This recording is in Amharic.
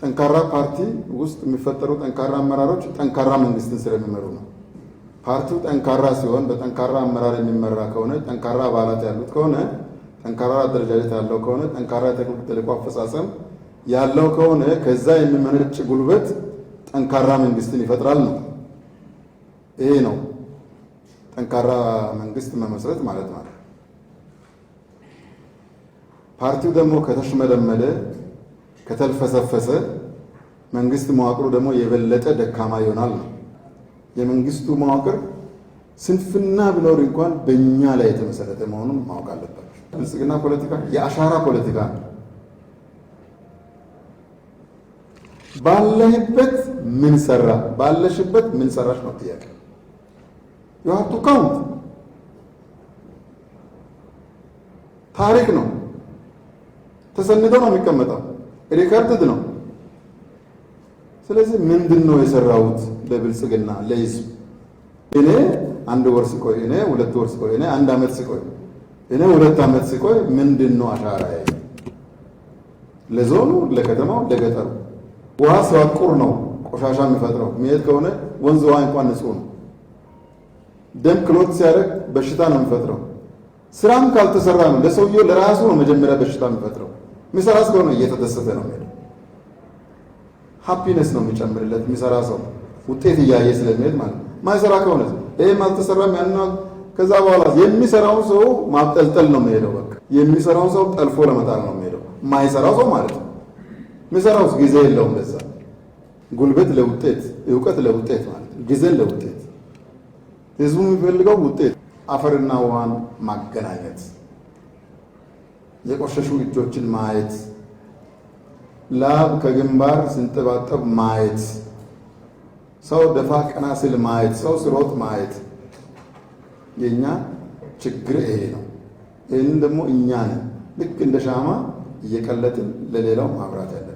ጠንካራ ፓርቲ ውስጥ የሚፈጠሩ ጠንካራ አመራሮች ጠንካራ መንግስትን ስለሚመሩ ነው። ፓርቲው ጠንካራ ሲሆን በጠንካራ አመራር የሚመራ ከሆነ ጠንካራ አባላት ያሉት ከሆነ ጠንካራ አደረጃጀት ያለው ከሆነ ጠንካራ የቴክኒክ ተልዕኮ አፈጻጸም ያለው ከሆነ ከዛ የሚመነጭ ጉልበት ጠንካራ መንግስትን ይፈጥራል ነው። ይሄ ነው ጠንካራ መንግስት መመስረት ማለት ማለት። ፓርቲው ደግሞ ከተሽመደመደ ከተልፈሰፈሰ መንግስት መዋቅሩ ደግሞ የበለጠ ደካማ ይሆናል ነው። የመንግስቱ መዋቅር ስንፍና ብኖር እንኳን በእኛ ላይ የተመሰረተ መሆኑን ማወቅ አለባቸው። ብልጽግና ፖለቲካ የአሻራ ፖለቲካ ነው። ባለህበት ምን ሰራ፣ ባለሽበት ምን ሰራሽ ነው ጥያቄ። ዩ ሃቭ ቱ ካውንት ታሪክ ነው ተሰንዶ ነው የሚቀመጠው። ሪከርድድ ነው። ስለዚህ ምንድን ነው የሰራሁት ለብልጽግና ለህዝብ? እኔ አንድ ወር ሲቆይ እኔ ሁለት ወር ሲቆይ እኔ አንድ አመት ሲቆይ እኔ ሁለት አመት ሲቆይ ምንድን ነው አሻራዬ ለዞኑ፣ ለከተማው፣ ለገጠሩ? ውሃ ሲዋቁር ነው ቆሻሻ የሚፈጥረው። መሄድ ከሆነ ወንዝ ውሃ እንኳን ንጹህ ነው። ደም ክሎት ሲያደርግ በሽታ ነው የሚፈጥረው። ስራም ካልተሰራ ነው ለሰውየው ለራሱ ነው መጀመሪያ በሽታ የሚፈጥረው። የሚሰራ ስለሆነ እየተደሰተ ነው የሚሄደው። ሀፒነስ ነው የሚጨምርለት የሚሰራ ሰው ውጤት እያየ ስለሚሄድ ማለት ነው። ማይሰራ ከሆነ ይህም አልተሰራም ያን ከዛ በኋላ የሚሰራውን ሰው ማጠልጠል ነው የሚሄደው። በቃ የሚሰራውን ሰው ጠልፎ ለመጣል ነው የሚሄደው ማይሰራው ሰው ማለት ነው። የሚሰራው ጊዜ የለውም ለዛ ጉልበት ለውጤት እውቀት ለውጤት ማለት ነው። ጊዜን ለውጤት ህዝቡ የሚፈልገው ውጤት አፈርና ውሃን ማገናኘት የቆሸሹ እጆችን ማየት፣ ላብ ከግንባር ሲንጠባጠብ ማየት፣ ሰው ደፋ ቀና ሲል ማየት፣ ሰው ስሮጥ ማየት። የእኛ ችግር ይሄ ነው። ይህንን ደግሞ እኛ ነን ልክ እንደ ሻማ እየቀለጥን ለሌላው ማብራት ያለ